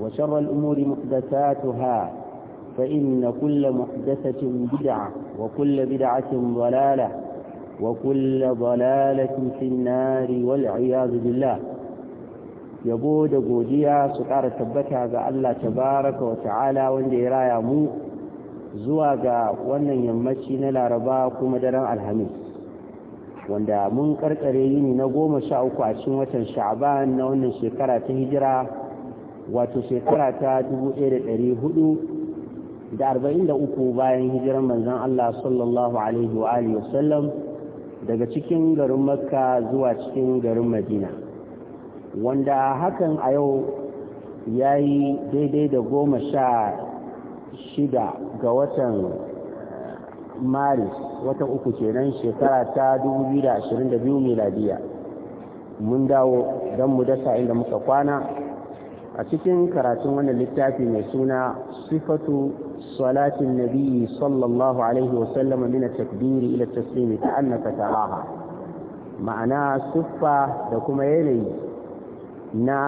وشر الأمور محدثاتها فإن كل محدثة بدعة وكل بدعة ضلالة وكل ضلالة في النار والعياذ بالله yabo da godiya su ƙara tabbata ga Allah tabaraka wa ta'ala wanda ya raya mu zuwa ga wannan yammaci na laraba kuma daren alhamis wanda mun karkare yini na goma sha uku a cikin watan sha'ban na wannan shekara ta hijira wato shekara ta 1443 bayan hijirar manzon Allah sallallahu alaihi wa alihi wasallam daga cikin garin makka zuwa cikin garin madina wanda hakan a yau ya yi daidai da goma sha shida ga watan maris wata uku kenan shekara ta 2022 miladiya mun dawo don mu dasa inda muka kwana a cikin karatun wannan littafi mai suna sifatu salatin nabiyyi sallallahu alaihi wa sallam min at-takbiri ila at-taslimi ka annaka taraha ma'ana siffa da kuma yanayi na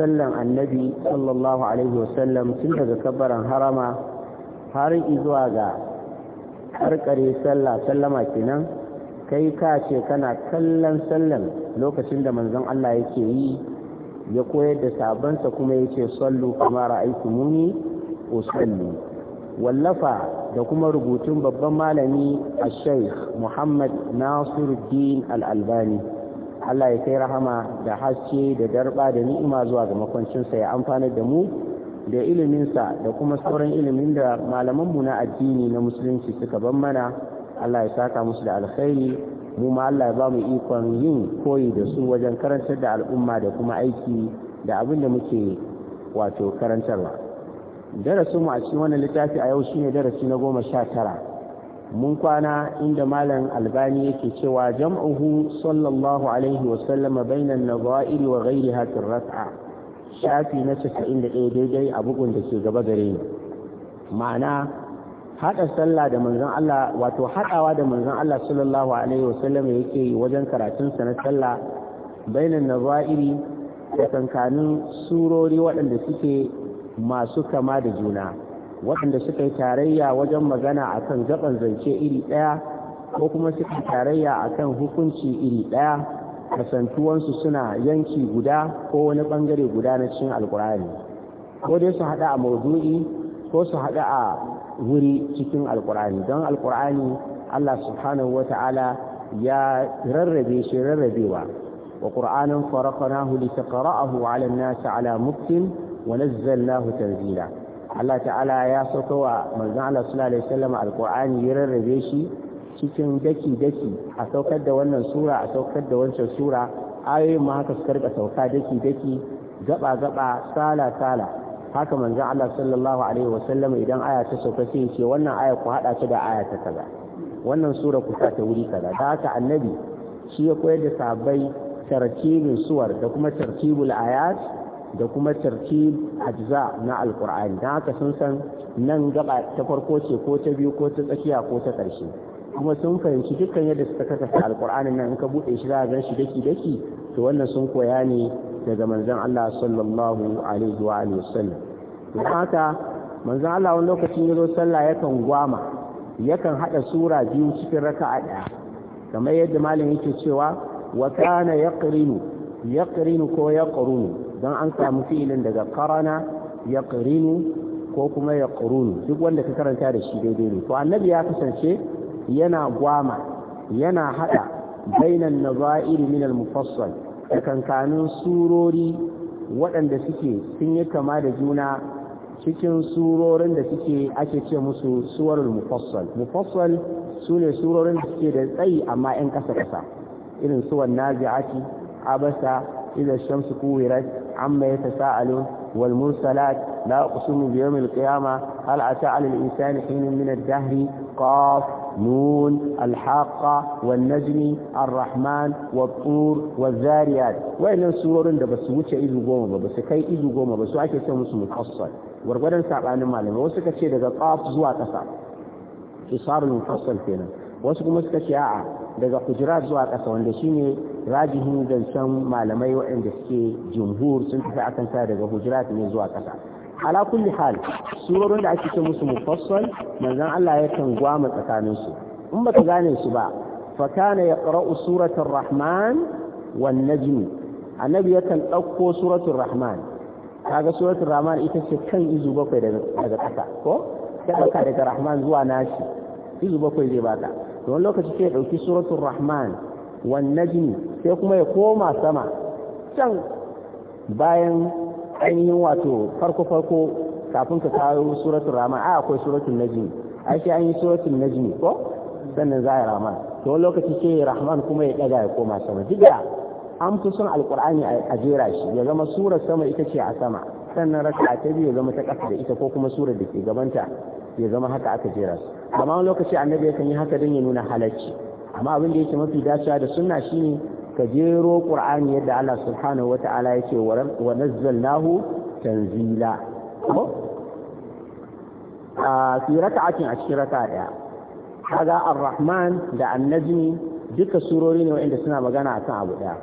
sallan annabi sallallahu alaihi wa sallam tun daga kabbaran harama har zuwa ga karkare sallah sallama kenan kai ka ce kana kallon sallan lokacin da manzon Allah yake yi ya koyar da sabansa kuma ya ce sallu kuma ra'aitu muni usalli wallafa da kuma rubutun babban malami a sheikh muhammad nasiruddin al'albani allah ya kai rahama da haske da darba da ni'ima zuwa ga makwancinsa ya amfanar da mu da iliminsa da kuma sauran ilimin da malamanmu na addini na musulunci suka ban mana allah ya saka musu da alkhairi mu ma Allah ya ba mu ikon yin koyi da su wajen karantar da al'umma da kuma aiki da abin da muke wato karantarwa darasin mu a cikin wannan littafi a yau shine darasi na goma sha tara mun kwana inda malam albani yake cewa jam'uhu sallallahu alaihi wa sallama bainan nazair wa ghairiha fi raf'a shafi na 91 daidai a bugun da ke gaba gare ni ma'ana hada sallah da manzon Allah wato hadawa da manzon Allah sallallahu alaihi wasallam yake yi wajen karatun sa na sallah bainan nazairi da kankanin surori waɗanda suke masu kama da juna waɗanda suka yi tarayya wajen magana akan gaban zance iri ɗaya ko kuma suka tarayya akan hukunci iri ɗaya kasantuwansu suna yanki guda ko wani ɓangare guda na cikin alkurani ko dai su haɗa a maudu'i ko su haɗa a wuri cikin alkur'ani don alkur'ani Allah subhanahu wa ta'ala ya rarrabe shi rarrabewa wa qur'anan faraqnahu litaqra'ahu 'ala an 'ala muktin wa nazzalnahu tanzila Allah ta'ala ya saukowa manzon Allah sallallahu alaihi wasallam alkur'ani ya rarrabe shi cikin daki daki a saukar da wannan sura a saukar da wancan sura ayoyin ma haka suka rika sauka daki daki gaba gaba sala sala haka manzo Allah sallallahu alaihi wasallam idan aya ta sauka sai ce wannan aya ku hada ta da aya ta kaza wannan sura ku ta wuri kaza da haka annabi shi ya koyar da sabai tartibin suwar da kuma tartibul ayat da kuma tartib ajza na alqur'ani da haka sun san nan gaba ta farko ce ko ta biyu ko ta tsakiya ko ta ƙarshe kuma sun fahimci dukkan yadda suka kasance alqur'anin nan in ka bude shi za ka gan shi daki daki to wannan sun koya ne daga manzon Allah sallallahu alaihi wa alihi wasallam haka manzo Allah wani lokaci lokacin zo sallah yakan gwama yakan haɗa sura biyu cikin raka'a ɗaya. kamar yadda malam yake cewa wa kana yaqrinu yaqrinu ko yaqrunu dan an samu fi'ilin daga qarana yaqrinu ko kuma yaqrunu duk wanda ka karanta da shi daidai ne to annabi ya kasance yana gwama yana haɗa bainan nazair min al-mufassal tsakankanin surori waɗanda suke sun yi kama da juna cikin surorin da suke ake ce musu suwarar mufassal mufassal su ne surorin da suke da tsayi amma 'yan kasa ƙasa irin suwan nazi'ati abasa idza shamsu kuwirat amma yatasaalun wal mursalat la uqsimu bi yawmil qiyamah hal ata 'ala al-insani hinun min ad-dahri qaf نون الحاقة والنجم surorin da basu wuce سورة goma ba basu kai بس goma ba su ake وعكي musu مفصل gwargwadon saɓanin malamai wasu suka ce daga qaf zuwa ƙasa isarul mufassal kenan wasu kuma suka ce a'a daga hujurat zuwa ƙasa wanda shine rajihin zancen malamai waɗanda suke jumhur sun tafi akan sa daga hujurat ne zuwa ƙasa ala kulli hal surorin da ake ce musu mufassal manzon Allah ya kan gwama tsakanin su in baka gane su ba fa kana yaqra'u suratul rahman wan najm annabi ya kan dauko suratul rahman kaga suratul rahman ita ce kan izu bakwai daga kasa ko baka daga rahman zuwa nashi izu bakwai zai baka don lokaci sai ya dauki suratul rahman wan najmi sai kuma ya koma sama can bayan ainihin wato farko farko kafin ka kawo suratul rahman a akwai suratul najmi ai sai an yi suratul najmi ko sannan za a rahman to lokaci sai rahman kuma ya daga ya koma sama diga an fi son alkur'ani a jera shi ya zama surar sama ita ce a sama sannan raka ta biyu ya zama ta ƙasa da ita ko kuma surar da ke gabanta ya zama haka aka jera su amma wani lokaci annabi yakan yi haka don ya nuna halarci amma abin da yake mafi dacewa da sunna shine ka jero qur'ani yadda Allah subhanahu wata'ala yake wa nazzalnahu tanzila ko a fi raka'atin a cikin raka daya kaga ar-rahman da an-najmi duka surori ne wanda suna magana akan abu ɗaya.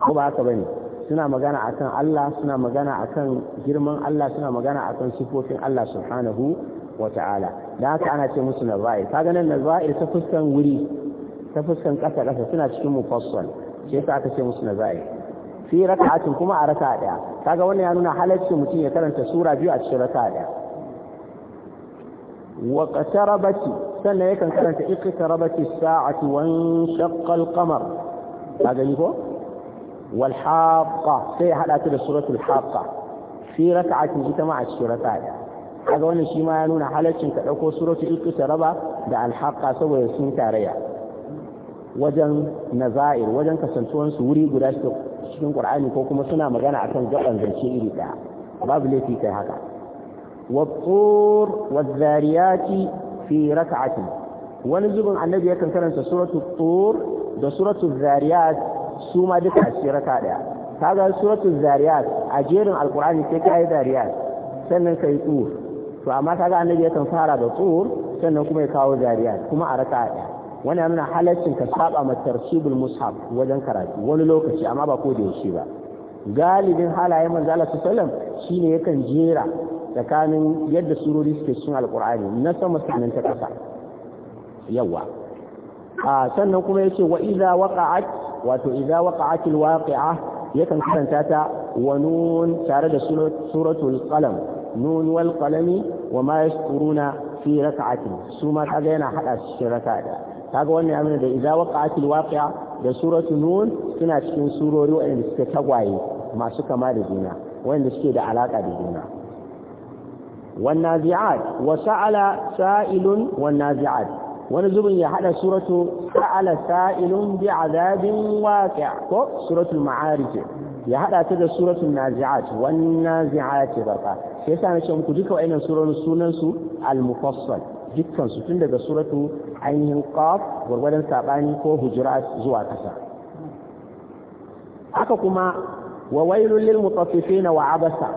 ko ba haka bane suna magana akan Allah suna magana akan girman Allah suna magana akan sifofin Allah subhanahu wata'ala da haka ana ce musu nazair kaga nan nazair ta fuskan wuri ta fuskan kasa kasa suna cikin mufassal shi yasa aka ce musu nazair fi raka'atin kuma a raka'a daya kaga wannan ya nuna halarci mutum ya karanta sura biyu a cikin raka'a daya wa qatarabati sannan yakan karanta iqtarabati as-sa'atu wa inshaqa al-qamar kaga ni ko والحاقة في حلقة سورة الحاقة في ركعة جتمع السورة kaga wannan shi ma ya nuna halaccin ka ɗauko suratu ta raba da alhaqa saboda sun tarayya wajen nazair wajen kasantuwansu wuri guda cikin ƙur'ani, ko kuma suna magana akan gaban zance iri ɗaya babu laifi kai haka wattur wadzariyati fi rak'atin wani zubin annabi yakan karanta suratu tur da suratu zariyat su ma duka a cikin raka daya kaga suratul zariyat a jerin alqur'ani sai kai zariyat sannan kai tsur to amma kaga annabi yakan fara da tsur sannan kuma ya kawo zariyat kuma a raka daya wannan yana halaccin ka saba ma tartibul mushaf wajen karatu wani lokaci amma ba ko da yaushe ba galibin halayen manzo Allah sallallahu alaihi shine yakan jera tsakanin yadda surori suke cikin alqur'ani na sama sannan ta kasa yawa a sannan kuma yace wa idza waqa'at wato idza waqa'atil waqi'a yakan karanta ta wa nun tare da suratul qalam nun wal qalami wa ma yasturuna fi raka'atin su ma kaga yana hada cikin raka'a da kaga wannan ya nuna da idza waqa'atil waqi'a da suratul nun suna cikin surori wanda suke tagwaye masu kama da juna wanda suke da alaka da juna والنازعات وسأل سائل والنازعات wani zubin ya hada suratu sa'ala sa'ilun bi azabin waqi' ko suratul ma'arij ya hada ta da suratul nazi'at wan nazi'at barka sai yasa na ce muku duka wayannan surorin sunan su al-mufassal dukkan su tun daga suratu ainihin qaf gurgurdan sabani ko hujurat zuwa kasa haka kuma wa wailul lil mutaffifin wa abasa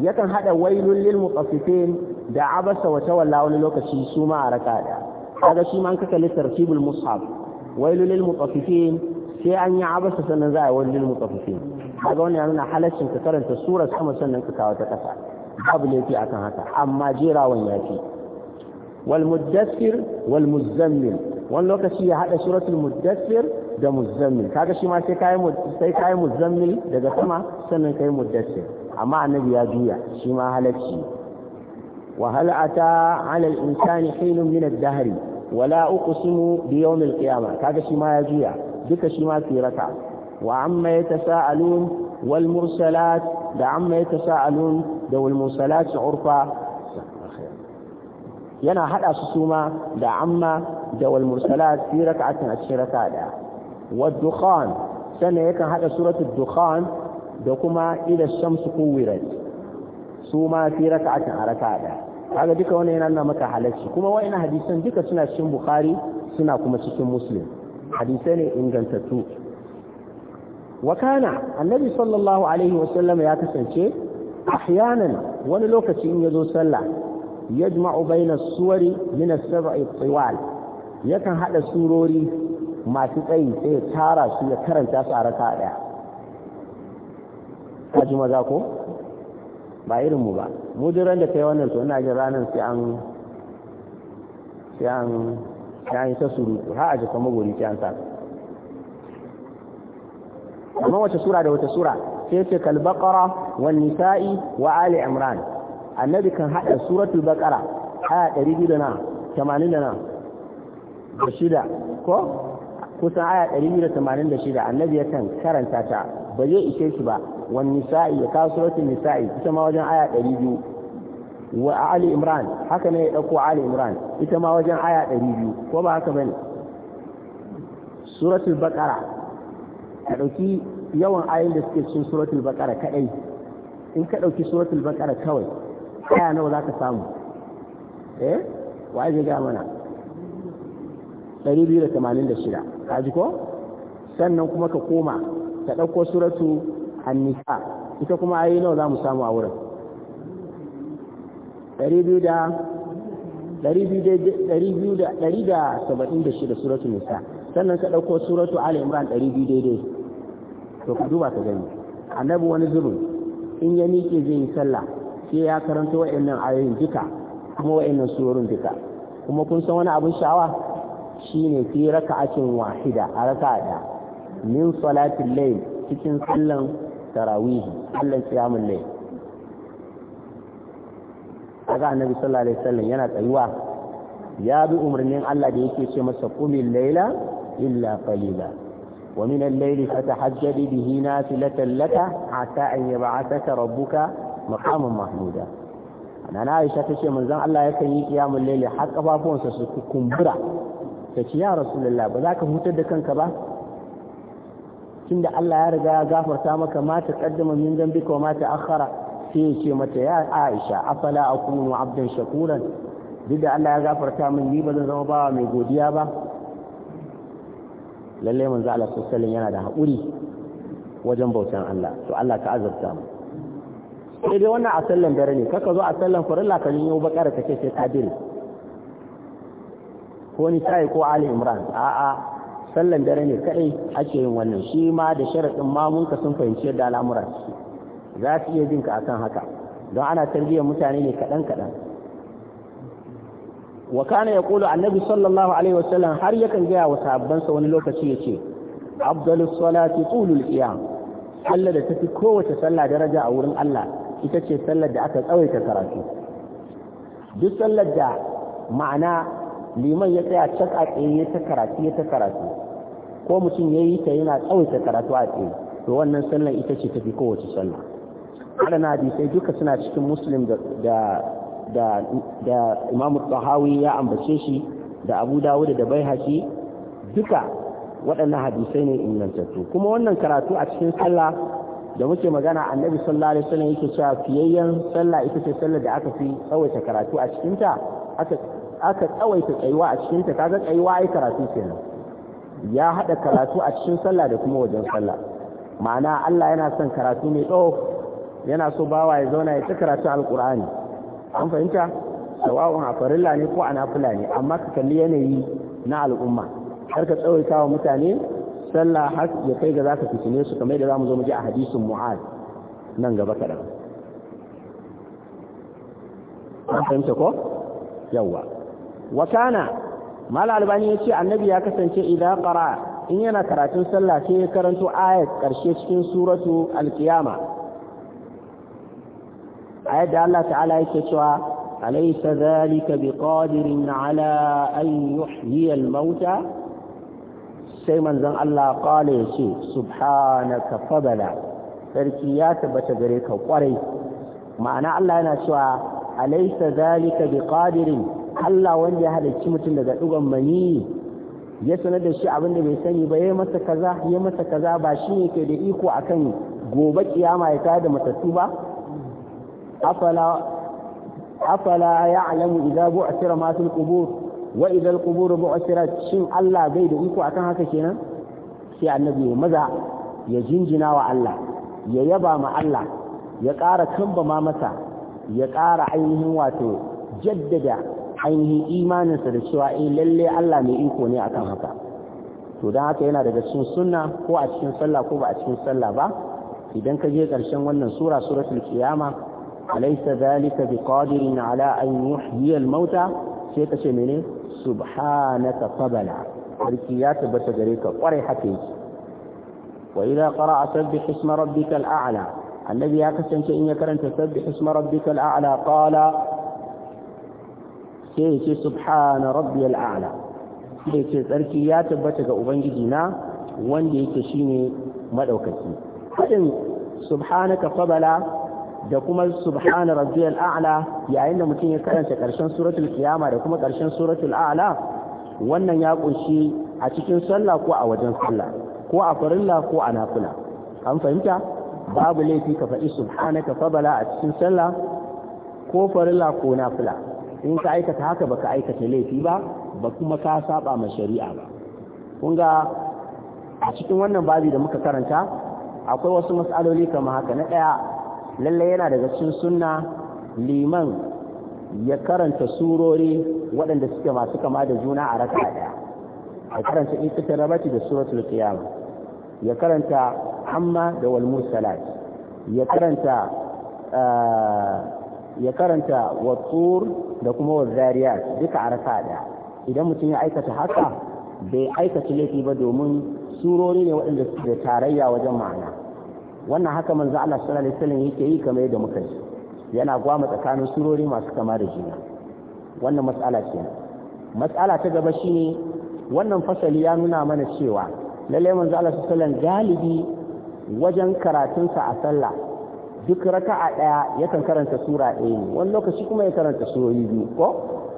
yakan hada wailul lil mutaffifin da abasa wa tawalla wani lokaci su ma a raka kaga shi ma an kaka littartibul mushaf wailu lil mutaffifin sai an yi abasa sannan za a yi lil mutaffifin kaga wannan ya nuna halaccin ka karanta surar sama sannan ka kawo ta kasa babu laifi akan haka amma jerawan ya fi wal muddassir wal muzammil wani lokaci ya hada suratul muddassir da muzammil kaga shi ma sai kai sai kai muzammil daga sama sannan kai muddassir amma annabi ya juya shi ma halacci وهل أتى على الإنسان حين من الدهر ولا أقسم بيوم القيامة كذا شما يجيع ذك شما في ركع وعما يتساءلون والمرسلات ده يتساءلون ده والمرسلات عرفا yana haɗa su suma da amma da walmursalat fi raka'atin a cikin raka'a ɗaya wa dukhan sannan yakan haɗa suratul dukhan da kuma ila shamsu a raka'a kaga duka wannan yana nuna maka halacci kuma ina hadisan duka suna cikin bukhari suna kuma cikin muslim hadisai ne ingantattu wakana annabi sallallahu alaihi wasallam ya kasance ahyanan wani lokaci in yazo sallah yajma'u bayna suwari min as-sab'i tiwal yakan hada surori masu tsayi sai ya tara su ya karanta su a raka'a daya kaji maza ko ba irin mu ba mu duk ran da kai wannan to ina jin ranar sai an sai an sai an ta surutu har a jikin magori sai an sa amma wace sura da wace sura sai ce kal baqara wan nisa'i wa ali imran annabi kan hada suratul baqara aya 200 da da nan, da shida ko kusan aya 286 annabi kan karanta ta ba zai ishe shi ba wan nisa'i ya kawo suratul nisa'i ita ma wajen aya 200 wa ali imran haka ne ya dauko ali imran ita ma wajen aya 200 ko ba haka bane suratul baqara ka dauki yawan ayoyin da suke cikin suratul baqara kaɗai, in ka dauki suratul baqara kawai aya nawa za ka samu eh wa zai ga mana 286 kaji ko sannan kuma ka koma ka ɗauko suratu annisa ita kuma ayi nawa za mu samu a wurin 276 suratu nisa sannan ka ɗauko suratu ali imran 200 daidai to ka duba ka gani annabi wani zubin in ya nike zai yi sallah sai ya karanta wa'annan ayoyin duka kuma wa'annan surorin duka kuma kun san wani abin sha'awa shine fi raka'atin wahida a raka'a da min salatin layl cikin sallan tarawih sallan qiyamul layl kaga annabi sallallahu alaihi wasallam yana tsayuwa ya bi umarnin Allah da yake ce masa qumil layla illa qalila wa min al-layli fatahajjad bihi nafilatan laka hatta an yab'athaka rabbuka maqaman mahmuda ana na Aisha ce manzon Allah yakan yi qiyamul laili har kafafuwansa su kumbura ta ce ya rasulullah ba za ka hutar da kanka ba tunda Allah ya riga ya gafarta maka mata kaddama min zambi ko mata akhara sai ya ce mata ya Aisha afala akunu abdan shakuran duk da Allah ya gafarta min ni ba zan zama bawa mai godiya ba Lallai manzo Allah sosai yana da haƙuri wajen bautan Allah to Allah ka azabta mu sai dai wannan a sallan dare ne kaka zo a sallan farilla ka yi bakara kace sai ka dire ko nisa'i ko ali imran a'a sallan dare ne kadai ake yin wannan shi ma da mun ka sun fahimci yadda al'amura za su iya jinka akan haka don ana tarbiyyar mutane ne kaɗan kaɗan wa kana ya kula annabi sallallahu alaihi wasallam har yakan gaya wa sa wani lokaci ya ce salati tulul qiyam sallar da tafi kowace sallah daraja a wurin Allah ita ce sallar da aka tsawaita karatu duk sallar da ma'ana liman ya tsaya can a tsaye ya ta karatu ya ta karatu ko mutum ya yi ta yana tsawaita karatu a tsaye to wannan sallar ita ce tafi kowace sallah na hadisai duka suna cikin muslim da da da imamu tahawi ya ambace shi da abu dawud da baihaqi duka waɗannan hadisai ne ingantattu kuma wannan karatu a cikin sallah da muke magana annabi sallallahu alaihi wasallam yake cewa fiyayyen sallah ita ce sallar da aka fi tsawaita karatu a cikin ta aka aka tsawaita tsayuwa a cikinta kaga tsayuwa ai karatu kenan ya haɗa karatu a cikin sallah da kuma wajen sallah ma'ana Allah yana son karatu mai tsawo yana so bawa ya zauna ya ci karatu alqur'ani an fahimta sawa'un a farilla ne ko a nafila ne amma ka kalli yanayi na al'umma har ka tsawaita wa mutane sallah har ya kai ga za ka fitine su kamar da za zo mu ji a hadisin mu'ad nan gaba kaɗan an fahimta ko yawwa wa kana mal albani yace annabi ya kasance idan in yana karatun sallah sai ya karanto ayat karshe cikin suratu alkiyama. ayat da Allah ta'ala yake cewa alaysa zalika biqadirin ala an yuhyiya almauta sai manzon Allah qala yace subhanaka fadala sarki ya tabbata gare ka kwarai ma'ana Allah yana cewa alaysa zalika Allah wanda ya halicci mutum daga dugon mani ya sanar da shi abin da bai sani ba ya masa kaza ya masa kaza ba shi ne ke da iko akan gobe kiyama ya tare da matattu ba afala afala ya'lamu idza bu'thira ma fil qubur wa idza al qubur bu'thirat shin Allah bai da iko akan haka kenan sai annabi ya maza ya jinjina wa Allah ya yaba ma Allah ya ƙara kamba masa ya ƙara ainihin wato jaddada ainihin imaninsa da cewa in eh, lalle Allah mai iko ne akan haka to don haka yana daga cikin sunna ko a cikin sallah ko ba a cikin sallah ba idan ka je ƙarshen wannan sura suratul qiyama alaysa zalika biqadirin ala an yuhyiya al-mauta sai ka ce mene subhanaka qabala sarki ya tabbata gare ka kwarai haka yake wa idza qara'a sabbih isma rabbikal a'la annabi ya kasance in ya karanta sabbih isma rabbikal a'la qala sai ya ce subhana rabbiyal a'la sai ya ce tsarki ya tabbata ga ubangiji na wanda yake shine madaukaki fadin subhanaka fadala da kuma subhana rabbiyal a'la yayin da mutum ya karanta karshen suratul qiyama da kuma ƙarshen suratul a'la wannan ya ƙunshi a cikin sallah ko a wajen sallah ko a farilla ko a nafila an fahimta babu laifi ka faɗi subhanaka fadala a cikin sallah ko farilla ko nafila in ka aikata haka baka aikata laifi ba ba kuma ka saba ma shari'a ba kun ga a cikin wannan babi da muka karanta akwai wasu matsaloli kamar haka na ɗaya lallai yana daga cikin sunna liman ya karanta surori waɗanda suke masu kama da juna a raka ɗaya ya karanta ikitar rabati da suratul qiyam ya karanta amma da wal mursalat ya karanta eh, ya karanta watsur da kuma wazariya duka a rasa ɗaya idan mutum ya aikata haka bai aikata laifi ba domin surori ne waɗanda su da tarayya wajen ma'ana wannan haka manzo Allah sallallahu alaihi wasallam yake yi kamar yadda muka ji yana gwama tsakanin surori masu kama da juna wannan matsala ce matsala ta gaba shine wannan fasali ya nuna mana cewa lalle manzo Allah sallallahu alaihi wasallam galibi wajen karatunsa a sallah duk raka'a ɗaya yakan karanta sura ɗaya ne wani lokaci kuma ya karanta surori biyu ko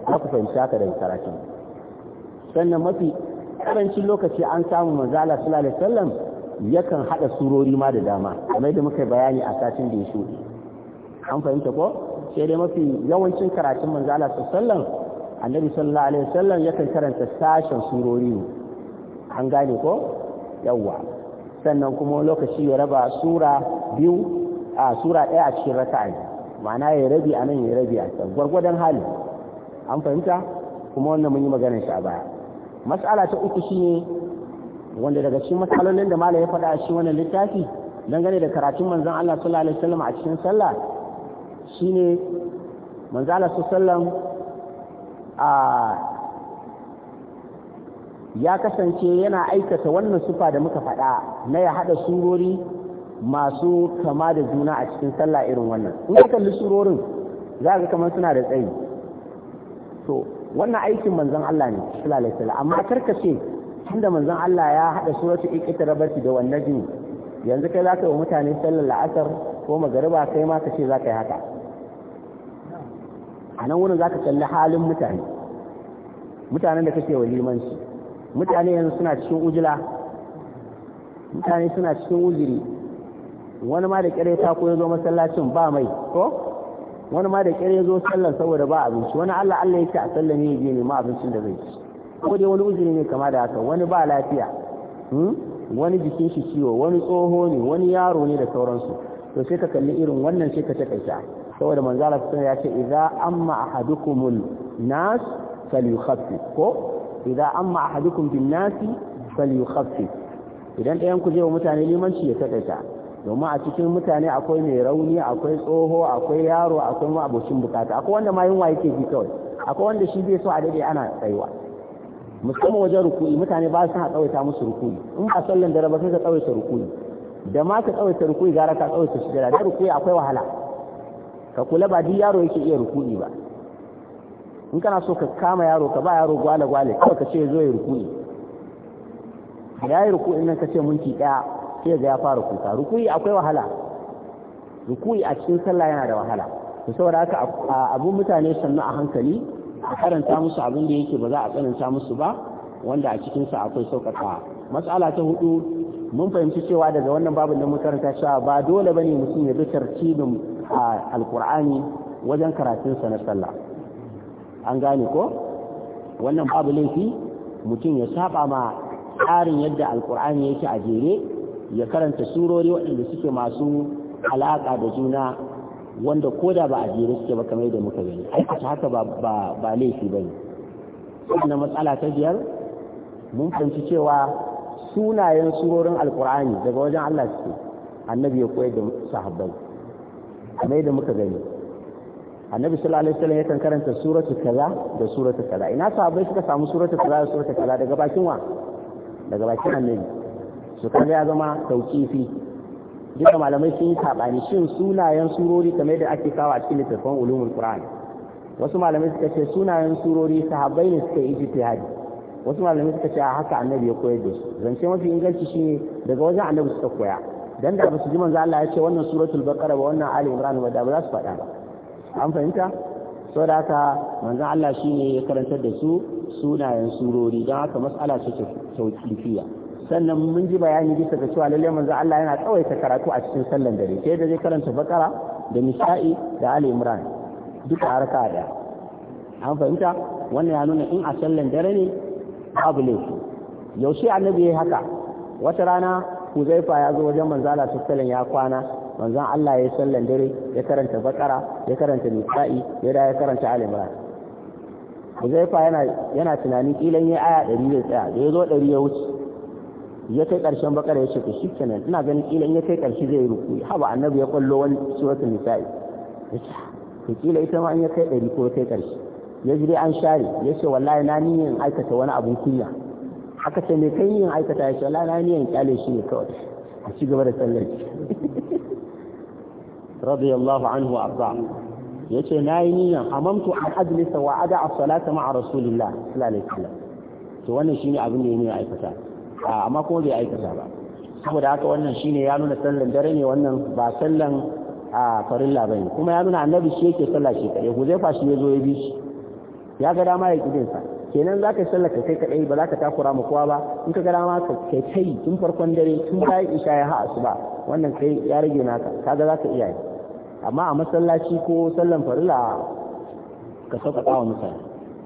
za ku fahimci haka da karatu sannan mafi karancin lokaci an samu manzala sallallahu alaihi wasallam yakan hada surori ma da dama kamar da muka bayani a satin da ya shuɗe an fahimta ko sai dai mafi yawancin karatun manzala sallallahu alaihi wasallam annabi sallallahu alaihi wasallam yakan karanta sashen surori an gane ko yawwa sannan kuma lokaci ya raba sura biyu a sura ɗaya a cikin raka'a ma'ana ya rabi a nan ya rabi a can gwargwadon hali an fahimta kuma wannan mun yi maganar shi a baya mas'ala ta uku shine wanda daga cikin matsalolin da malam ya faɗa a cikin wannan littafi dangane da karatun manzon Allah sallallahu alaihi wasallam a cikin sallah shine manzon Allah sallallahu a ya kasance yana aikata wannan sufa da muka faɗa na ya haɗa surori masu kama da juna a cikin sallah irin wannan in ka kalli surorin za ga kamar suna da tsayi to wannan aikin manzon Allah ne sallallahu alaihi wasallam amma karkace tunda manzon Allah ya hada suratul iqtirabati da wannan jini yanzu kai zaka yi wa mutane sallar la'asar ko magariba kai ma ka za zaka yi haka a nan wurin zaka kalli halin mutane mutanen da kake wa limanci mutane yanzu suna cikin ujula mutane suna cikin uzuri wani ma da kyare ta ko zo masallacin ba mai ko wani ma da kyare ya zo sallan saboda ba abinci wani Allah Allah ya ce a sallan ne je nema abincin da zai ci ko dai wani uzuri ne kama da haka wani ba lafiya hmm? wani jikin shi ciwo wani tsoho ne wani yaro ne da sauransu to sai ka kalli irin wannan sai ka takaita saboda manzala sun ya ce idza amma ahadukumul nas falyukhaffif ko idza amma ahadukum bin nasi falyukhaffif idan ɗayan ku je wa mutane limanci ya takaita domin a cikin mutane akwai mai rauni akwai tsoho akwai yaro akwai ma'abocin bukata akwai wanda ma yunwa yake ji kawai akwai wanda shi bai so a daidai ana tsayuwa musamman wajen rukuni mutane ba su tsawaita musu rukuni in ba sallan dare ba sun ka tsawaita rukuni da ma ka tsawaita rukuni gara ka tsawaita shi da rukuni akwai wahala ka kula ba duk yaro yake iya rukuni ba in kana so ka kama yaro ka ba yaro gwale gwale kawai ka ce zo ya rukuni ya yi rukuni nan ka ce minti daya sai ga ya fara kuka ruku'i akwai wahala ruku'i a cikin sallah yana da wahala to saboda haka abun mutane sannu a hankali a karanta musu abin da yake ba za a tsananta musu ba wanda a cikin sa akwai saukaka. mas'ala ta hudu mun fahimci cewa daga wannan babin da mun karanta sha ba dole bane mutum ya bi tartibin alqur'ani wajen karatun sa na sallah an gane ko wannan babu laifi mutum ya saba ma tsarin yadda alqur'ani yake a jere ya karanta surori waɗanda suke masu alaƙa da juna wanda ko da ba a jere suke ba kamar yadda muka gani aikata haka ba laifi ba ne wannan matsala ta biyar mun fahimci cewa sunayen surorin alkur'ani daga wajen allah suke annabi ya koyar da sahabbai kamar yadda muka gani annabi sallallahu alaihi wasallam yakan karanta suratu kaza da suratu kaza ina sahabbai suka samu suratu kaza da suratu kaza daga bakin wa daga bakin annabi su kaga ya zama tauqifi duka malamai sun yi sabani shin sunayen surori kamar da ake kawo a cikin littattafan ulumul qur'an wasu malamai suka ce sunayen surori sahabbai ne suka yi ijtihadi wasu malamai suka ce a haka annabi ya koyar da su zance mafi inganci shine daga wajen annabi suka koya dan da ba su ji manzo Allah ya ce wannan suratul baqara ba wannan ali imran ba da ba za su faɗa ba an fahimta saboda haka manzo Allah shine ya karantar da su sunayen surori don haka mas'ala ce tauqifiya sannan mun ji bayani bisa ga cewa lallai manzo Allah yana tsawaita karatu a cikin sallan dare sai da zai karanta bakara da nisa'i da ali imran a harka da an fahimta wannan ya nuna in a sallan dare ne babu laifi yaushe annabi ya yi haka wata rana huzaifa ya zo wajen manzo Allah sallan ya kwana manzo Allah ya sallan dare ya karanta bakara ya karanta nisa'i ya da ya karanta ali imran huzaifa yana yana tunanin kilan yayi aya 100 zai tsaya da ya zo 100 ya wuce ya kai karshen bakara ya ce shi shikenan ina ganin kila in ya kai karshe zai ruku ba annabi ya kwallo wani suratul nisa'i yace to kila ita ma an ya kai ɗari ko ya kai karshe ya ji dai an share ya ce wallahi na ni niyyar aikata wani abun kunya aka ce me kai yin aikata ya ce wallahi na ni niyyar kyale shi ne kawai a ci gaba da sallar radiyallahu anhu wa arda na yi niyyar amamtu an ajlisa wa ada as-salata ma'a rasulillah sallallahu alaihi wasallam to wannan shine abin da ya yake aikata amma kuma bai aikata ba saboda haka wannan shine ya nuna sallan dare ne wannan ba sallan a farilla bane kuma ya nuna annabi shi yake sallah shi kadai huzaifa shi yazo ya bi shi ya ga dama ya kidin sa kenan zaka yi sallar ka kai kadai ba zaka takura ma kowa ba in ka ga dama ka kai kai tun farkon dare tun bayan isha ya ha asuba wannan kai ya rage naka kaga zaka iya yi amma a masallaci ko sallan farilla ka sauƙaƙa wa mutane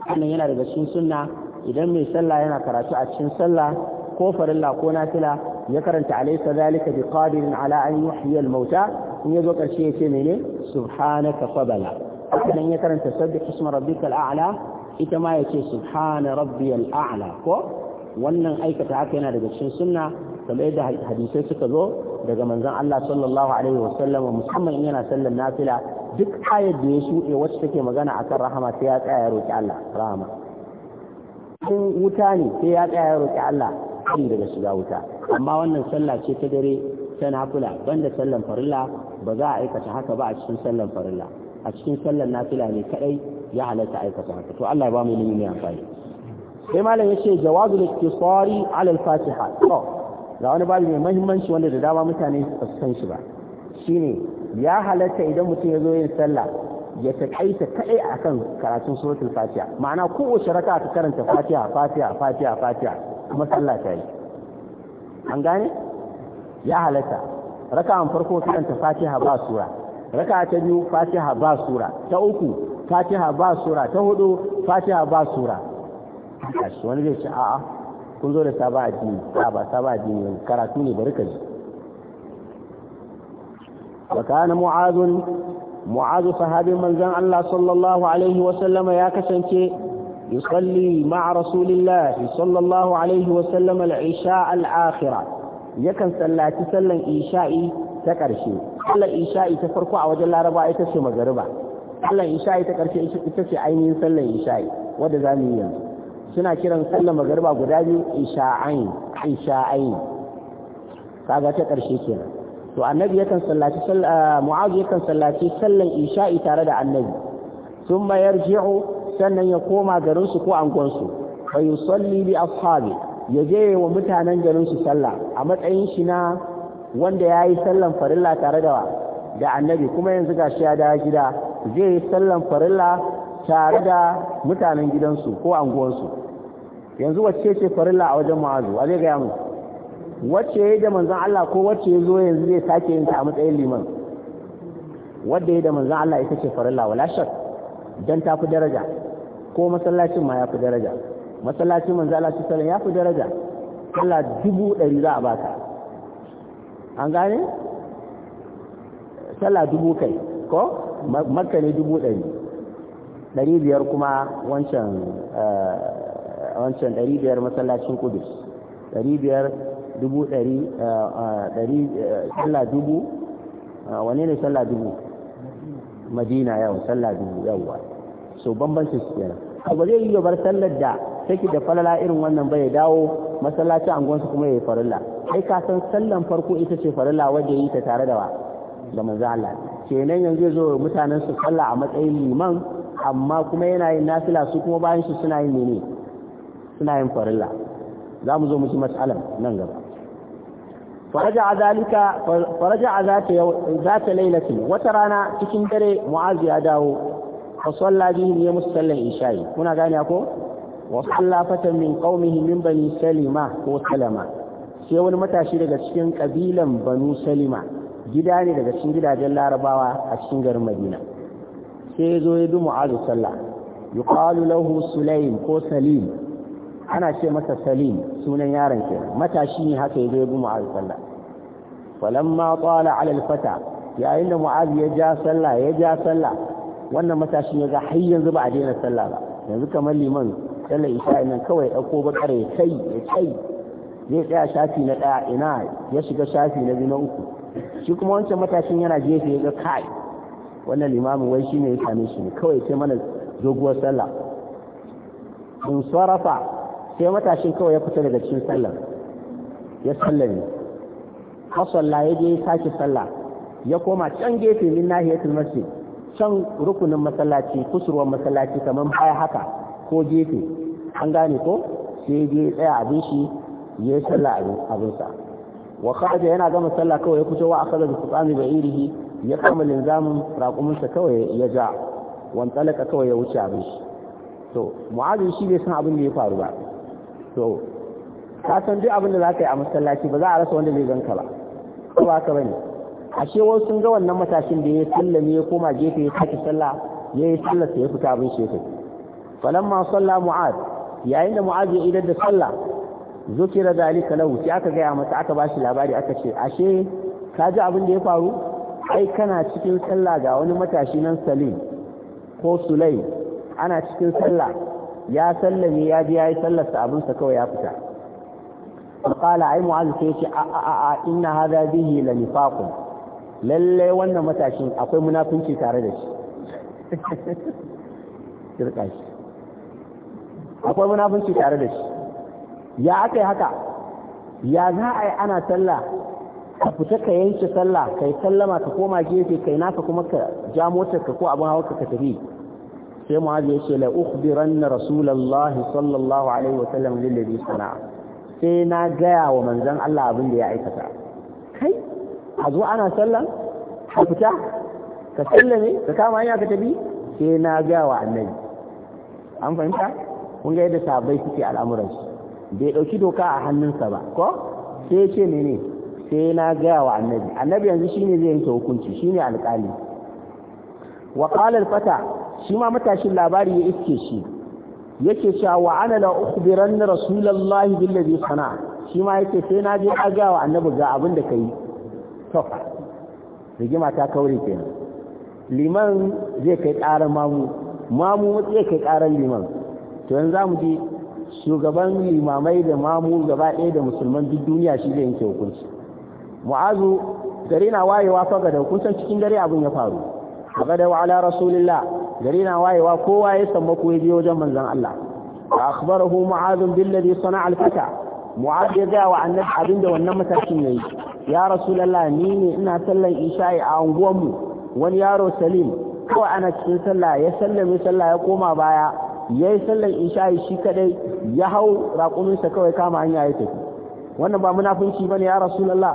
wannan yana daga cikin sunna idan mai sallah yana karatu a cikin sallah ko farilla ko nafila ya karanta alaysa zalika bi qadirin ala an yuhyi mauta in yazo karshe yace mene subhanaka fadala idan ya karanta sabbih isma rabbikal a'la ita ma yace subhana rabbiyal a'la ko wannan aikata haka yana daga cikin sunna kamar yadda hadisai suka zo daga manzon Allah sallallahu alaihi wasallam musamman in yana sallar nafila duk ayar da ya shuɗe wacce take magana akan rahama sai ya tsaya ya roki Allah rahama in wuta ne sai ya tsaya ya roki Allah kai daga shiga wuta amma wannan sallah ce ta dare ta nafila banda sallan farilla ba za a aikata haka ba a cikin sallan farilla a cikin sallan nafila ne kadai ya halatta aikata haka to Allah ya ba mu ilimi mai amfani sai malam yace jawazu al-iktisari ala al-fatiha to ga wani babu mai muhimmanci wanda da dama mutane ba su san shi ba shine ya halatta idan mutum ya zo yin sallah ya taƙaita kaɗai a kan karatun suratul fatiha ma'ana ko kowace raka ta karanta fatiha fatiha fatiha fatiha kuma sallah ta yi an gane ya halatta an farko karanta fatiha ba sura Raka ta biyu fatiha ba sura ta uku fatiha ba sura ta hudu fatiha ba sura kashi wani zai ce a'a kun zo da saba addini a ba saba addini karatu ne bari ka ji wa kana mu'azun mu'azu sahabin manzon Allah sallallahu alaihi wa sallama ya kasance يصلي مع رسول الله صلى الله عليه وسلم العشاء الآخرة يكن صلى تسلم إيشائي تكرشي صلى إيشائي تفرقوا وجل الله ربا يتسي مغربا صلى إيشائي تكرشي يتسي عينين صلى إيشائي وده زاميا سنة كيران صلى مغربا قدادي إيشاعين إيشاعين kaga ta ƙarshe kenan to annabi yakan sallaci mu'azu yakan sallaci sallan isha'i tare da annabi thumma yarji'u sannan ya koma garinsu ko angonsu fa yusalli bi ashabi ya je wa mutanen garinsu sallah a matsayin shi na wanda ya yi sallan farilla tare da da annabi kuma yanzu ga shi ya dawo gida zai yi sallan farilla tare da mutanen gidansu ko anguwansu yanzu wacce ce farilla a wajen ma'azu a zai gaya mu wacce ya da manzon Allah ko wacce ya zo yanzu zai sake yin ta a matsayin liman wadda ya da manzon Allah ita ce farilla wala shak dan tafi daraja ko masallacin ma ya fi daraja masallacin manzo Allah su sallan ya fi daraja kalla dubu ɗari za a baka an gane sallah dubu kai ko makka ne dubu ɗari ɗari biyar kuma wancan eh, wancan ɗari biyar masallacin kudus ɗari biyar dubu ɗari eh, ɗari eh, sallah dubu wane ne sallah dubu madina yau sallah dubu yawwa so bambancin su kenan abu zai yi ya bar sallar da take da falala irin wannan ba ya dawo masallacin angonsu kuma ya yi farilla ai ka san sallan farko ita ce farilla wanda yi ta tare da wa da manzo Allah kenan yanzu zo mutanen su sallah a matsayin liman amma kuma yana yin nafila su kuma bayan su suna yin mene suna yin farilla za mu zo mu ci mas'alan nan gaba فرجع zata yau zata lailatin wata rana cikin dare mu'az ya dawo fa bihim ya musu sallan isha'i kuna gane ko wa salla fatan min qaumihi min bani salima ko salama sai wani matashi daga cikin kabilan banu salima gida ne daga cikin gidajen larabawa a cikin garin madina sai ya zo ya bi mu'azu sallah yuqalu lahu sulaim ko salim ana ce masa salim sunan yaron ke matashi ne haka ya zo ya bi mu'azu sallah falamma tala ala alfata yayin da mu'azu ya ja sallah ya ja sallah wannan matashin ya ga har yanzu ba a daina sallah ba yanzu kamar liman sallar isha'i nan kawai ya ɗauko bakar ya kai ya kai zai tsaya shafi na ɗaya ina ya shiga shafi na biyu na uku shi kuma wancan matashin yana gefe ya ga kai wannan limamin wai shi ne ya same shi ne kawai sai mana doguwar sallah in sarrafa sai matashin kawai ya fita daga cikin sallar ya sallame hasalla ya je ya sake sallah ya koma can gefe min nahiyatul masjid can rukunin masallaci kusurwar masallaci kamar baya haka ko gefe an gane ko sai je tsaya abin shi ya yi sallah sa wa kharaja yana gama sallah kawai ya fito wa akaza bi tsami da irihi ya kama linzamin sa kawai ya ja wan talaka kawai ya wuce abin shi to mu'azu shi bai san abin da ya faru ba to ka san duk abin da za ka yi a masallaci ba za a rasa wanda bai ganka ba ko ba ka bane ashe wasu sun ga wannan matashin da ya sallame ya koma gefe ya sake sallah ya yi sallah ya fita abin shi kai falamma salla mu'ad yayin da mu'ad ya idar da sallah zukira zalika lahu sai aka gaya masa aka bashi labari aka ce ashe ka ji abin da ya faru ai kana cikin sallah ga wani matashi nan salim ko sulai ana cikin sallah ya sallame ya ji ya yi sallarsa abinsa kawai ya fita qala ai mu'az sai ce a a a inna hadha bihi la nifaqun lalle wannan matashin akwai munafunci tare da shi shirka shi akwai munafunci tare da shi ya aka yi haka ya za a yi ana sallah ka fita ka yanke sallah ka yi sallama ka koma gefe kai naka kuma ka ja motar ka ko abin hawa ka tafi sai muhazi ya ce la ukhbiranna rasulullahi sallallahu alaihi wa sallam lillazi sana'a sai na gaya wa manzon Allah abin da ya aikata kai a zuwa ana sallan, ka fita ka sallame ka kama hanya ka tabi sai na gawa wa annabi an fahimta kun ga yadda suke al'amuransu bai ɗauki doka a hannunsa ba ko sai ce ne, sai na gaya wa annabi annabi yanzu shine zai yanke hukunci shine alƙali wa qala fata shi ma matashin labari ya iske shi yake cewa wa ana la ukhbiranna rasulullahi bil shi ma yake sai na je a gaya annabi ga abin da ka yi. tofa rigima ta kaure kenan liman zai kai ƙarar mamu mamu zai kai ƙarar liman to yanzu za mu ji shugaban limamai da mamu gaba ɗaya da musulman duk duniya shi zai yanke hukunci mu'azu gari na wayewa faga da hukuncin cikin dare abin ya faru faga da wa'ala rasulillah gari na wayewa kowa ya san ko ya je wajen manzan Allah fa akhbarahu mu'azu billadhi sana'a al-fata Mu'azu ya ga wa annabi abinda wannan matashin yi. ya rasulallah ni ne ina sallan isha'i a unguwanmu wani yaro salim kawai ana cikin sallah ya sallame sallah ya koma baya ya yi sallan isha'i shi kadai ya hau raƙuminsa kawai kama hanya ya tafi wannan ba munafunci bane ya rasulallah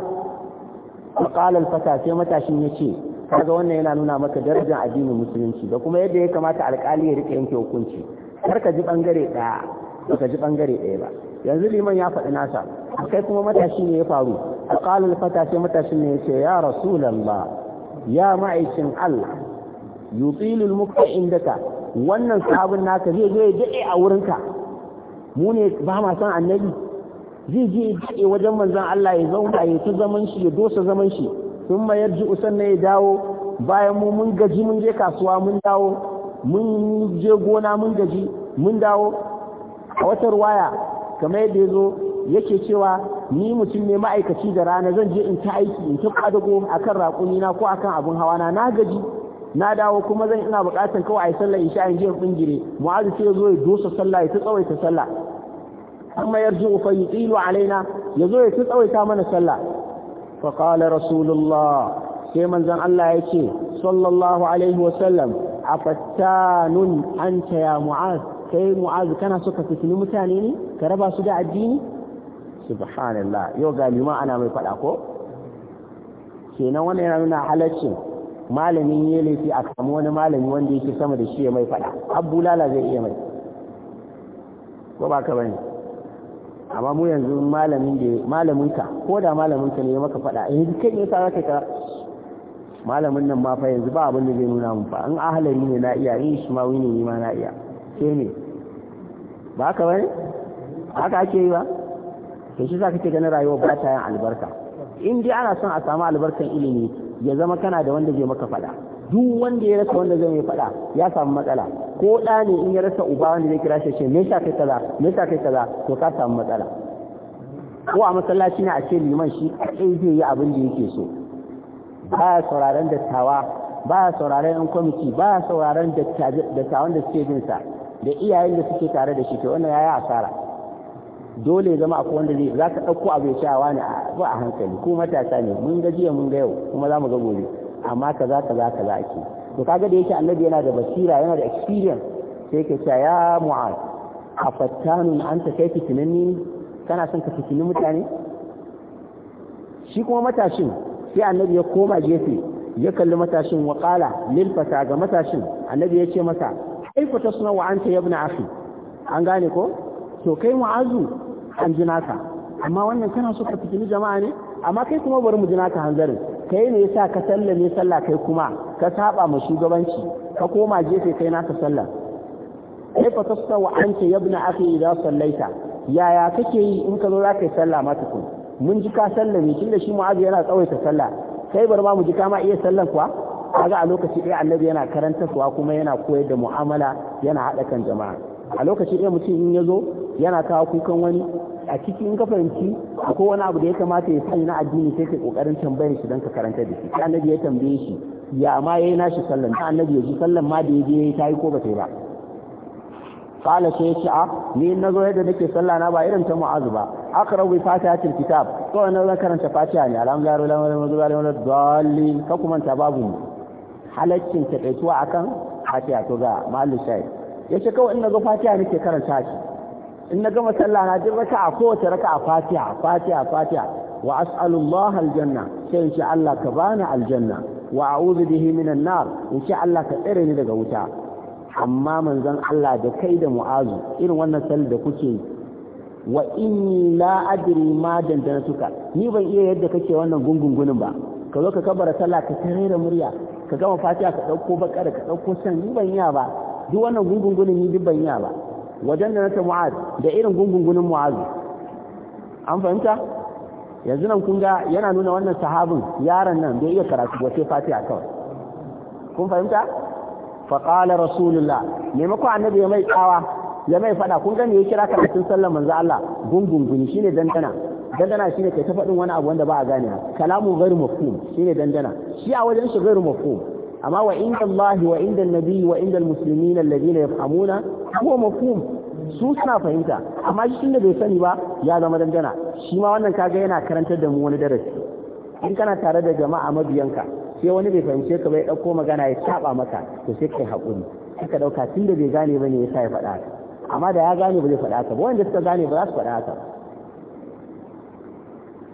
qala al-fata sai matashin yace kaga wannan yana nuna maka darajar addinin musulunci da kuma yadda ya kamata alƙali ya rike yanke hukunci kar ka ji bangare daya ka ji bangare daya ba yanzu liman ya faɗi nasa kai kuma matashi ne ya faru a ƙalin fatashi matashin ne ya ce ya rasulallah ya ma'aikin Allah yutilul inda indaka wannan sabon naka zai zai daɗe a wurinka mu ne ba ma san annabi zai je daɗe wajen manzon Allah ya zauna ya ta zaman shi ya dosa zaman shi sun mayar ji usan ya dawo bayan mu mun gaji mun je kasuwa mun dawo mun je gona mun gaji mun dawo a wata ruwaya kamar yadda ya zo yake cewa ni mutum ne ma'aikaci da rana zan je in ta aiki in ta kwadago akan raƙumi na ko akan abin hawa na na gaji na dawo kuma zan ina buƙatar kawai a yi sallar isha in je in bingire mu'azu sai zo ya dosa sallah ya ta tsawaita sallah amma yarji yi tsilo alaina zo ya ta tsawaita mana sallah fa qala rasulullah sai manzon Allah yake sallallahu alaihi wa sallam afattanun anta ya mu'az kai mu'az kana so ka fitini mutane ne ka raba su da addini subhanallah yau ga lima ana mai fada ko kenan wannan yana nuna halaccin malamin ya laifi a samu wani malami wanda yake sama da shi ya mai faɗa abbulala zai iya mai ko ba ka bane amma mu yanzu malamin da malamin ka ko da malamin ka ne ya maka faɗa yanzu kai ne ka zaka ka malamin nan ma fa yanzu ba abin da zai nuna mun fa in ahlali ne na iya in shi ma wani ne ma na iya kene ne ba ka bane haka ake yi ba to shi sa kake ganin rayuwa ba ta yin albarka in dai ana son a samu albarkan ilimi ya zama kana da wanda zai maka faɗa duk wanda ya rasa wanda zai mai faɗa ya samu matsala ko ɗa ne in ya rasa uba wanda zai kira shi ce me yasa kai kaza me yasa kai kaza to ka samu matsala ko a masallaci ne a ce liman shi kaɗai zai yi abin da yake so baya sauraron dattawa baya sauraron yan kwamiti baya sauraron dattawan da suke bin sa da iyayen da suke tare da shi to wannan yayi asara dole ya zama akwai wanda zai za ka ɗauko abin shawa ne ba a hankali ko matasa ne mun ga jiya mun ga yau kuma za mu ga gobe amma kaza ka za ake to kaga da yake annabi yana da basira yana da experience sai ka ce ya mu'az an ta kai fitinanni kana son ka fitini mutane shi kuma matashin sai annabi ya koma gefe ya kalli matashin wa kala lil ga matashin annabi ya ce masa kaifa tasna'u anta yabna ibn akhi an gane ko to kai mu'azu an ji naka amma wannan kana so ka fitini jama'a ne amma kai kuma bari mu ji naka hanzarin kai ne yasa ka sallame sallah kai kuma ka saba ma shugabanci ka koma jefe kai naka sallah kai fa tasawa anka ya ibn akhi sallaita yaya kake yi in ka zo za ka yi sallah ma tukun mun ji ka sallame kin da shi mu'azu yana tsawaita sallah kai bar ma mu ji ka ma iya sallan kuwa kaga a lokaci ɗaya annabi yana karantarwa kuma yana koyar da mu'amala yana haɗa kan jama'a a lokaci ɗaya mutum in ya zo yana kawo kukan wani a cikin kafanci fahimci akwai wani abu da ya kamata ya sani na addini sai ka kokarin tambayar shi don ka karanta da shi annabi ya tambaye shi ya ma yayi nashi sallan ta annabi ya ji sallan ma da ya je yayi tayi ko ba tayi ba qala sai ce a ah, ni na zo yadda nake sallah na ba irin ta mu'azu ba aqra bi fatihatil kitab to na zan karanta fatiha ne alhamdulillah wala wala wala dallin ka kuma ta babu ni halaccin ta kaituwa akan fatiha to ga mallu shayi yace kawai in na zo fatiha nake karanta shi in na gama sallah na duk a kowace raka a fatiha fatiha fatiha wa as'alullaha aljanna sai in Allah ka bani aljanna wa a'udhu bihi minan nar in Allah ka tsare ni daga wuta amma manzon Allah da kai da mu'azu irin wannan sallah da kuke wa inni la adri ma dandanatuka ni ban iya yadda kake wannan gungungunin ba ka zo ka kabara sallah ka tare da murya ka gama fatiha ka dauko bakara ka dauko san ni ban iya ba duk wannan gungungunin ni duk ban iya ba wajen da nata mu'az da irin gungungunin mu'az an fahimta yanzu nan kun ga yana nuna wannan sahabin yaron nan bai iya karatu ba sai fatiha kawai kun fahimta fa qala rasulullah maimakon annabi ya mai tsawa ya mai fada kun ga me ya kira karatun sallar manzo Allah gungunguni shine dandana dandana shine kai ta fadin wani abu wanda ba a gane kalamu ghairu mafhum shine dandana shi a wajen shi ghairu mafhum amma wa inda Allah wa inda Nabi wa inda musulmin alladhina yafhamuna ko mafhum su suna fahimta amma shi tunda bai sani ba ya zama dangana shi ma wannan kaga yana karantar da mu wani darasi in kana tare da jama'a mabiyanka sai wani bai fahimce ka bai dauko magana ya saba maka to sai kai hakuri suka dauka tunda bai gane bane yasa ya faɗa amma da ya gane ba zai faɗa ka ba wanda suka gane ba za su faɗa ka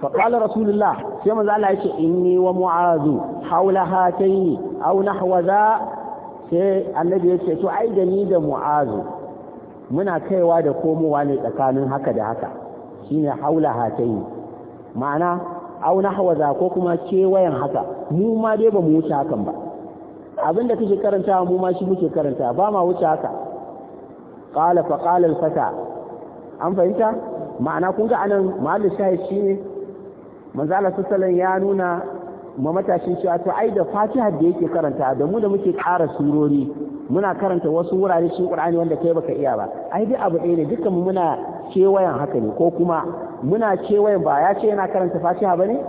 فقال رسول الله كما زال يقول إني ومعاذ حول هاتين أو نحو ذا الذي يقول تعيدني دا معاذ منا كيوا دا كوموا لتكانن هكا دا هكا سيما حول هاتين معنى أو نحو ذا قوكما كي وين هكا مو ما ديبا بموشا هكا با abin da kake karanta mu ma shi muke karanta ba ma wuce haka qala fa qala al fata an fahimta ma'ana kun ga anan mahallin shahi shine manzo Allah sallallahu ya nuna ma matashin cewa to ai da Fatiha da yake karanta da mu da muke ƙara surori muna karanta wasu wurare cikin Qur'ani wanda kai baka iya ba ai dai abu ɗaya ne dukkan muna kewayen haka ne ko kuma muna kewayen ba ya ce yana karanta Fatiha bane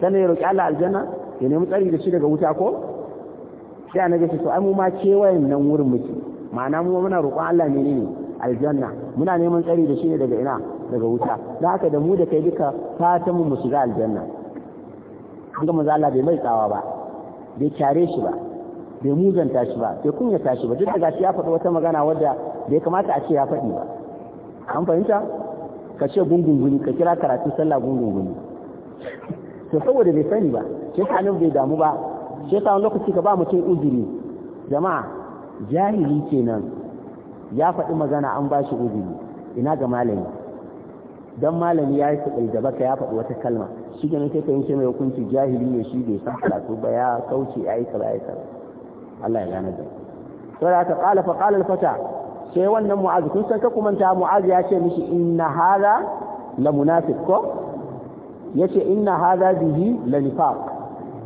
dan ya roki Allah aljanna ya nemi tsari da shi daga wuta ko sai annabi ce to ai mu ma kewayen nan wurin muke ma'ana mu muna roƙon Allah menene aljanna muna neman tsari da shi ne daga ina daga wuta da haka da mu da kai duka fatan mu ga aljanna an manzo Allah bai mai tsawa ba bai kyare shi ba bai muzanta shi ba bai kunyata shi ba duk daga shi ya faɗi wata magana wadda bai kamata a ce ya faɗi ba an fahimta ka ce gungunguni ka kira karatu sallah gungunguni to saboda bai sani ba shi ka nan bai damu ba shi ka wani lokaci ka ba mutum uzuri jama'a jahili kenan ya faɗi magana an ba shi uzuri ina ga malami dan malami ya yi sabil da baka ya faɗi wata kalma shi ganin ta ka yanke mai hukunci jahili ne shi bai san karatu ba ya kauce ya yi kaza ya kaza Allah ya gane da saboda ta qala fa qala fata sai wannan mu'az kun san ka kumanta mu'az ya ce mishi inna hadha la munafiq ko yace inna hadha bihi la nifaq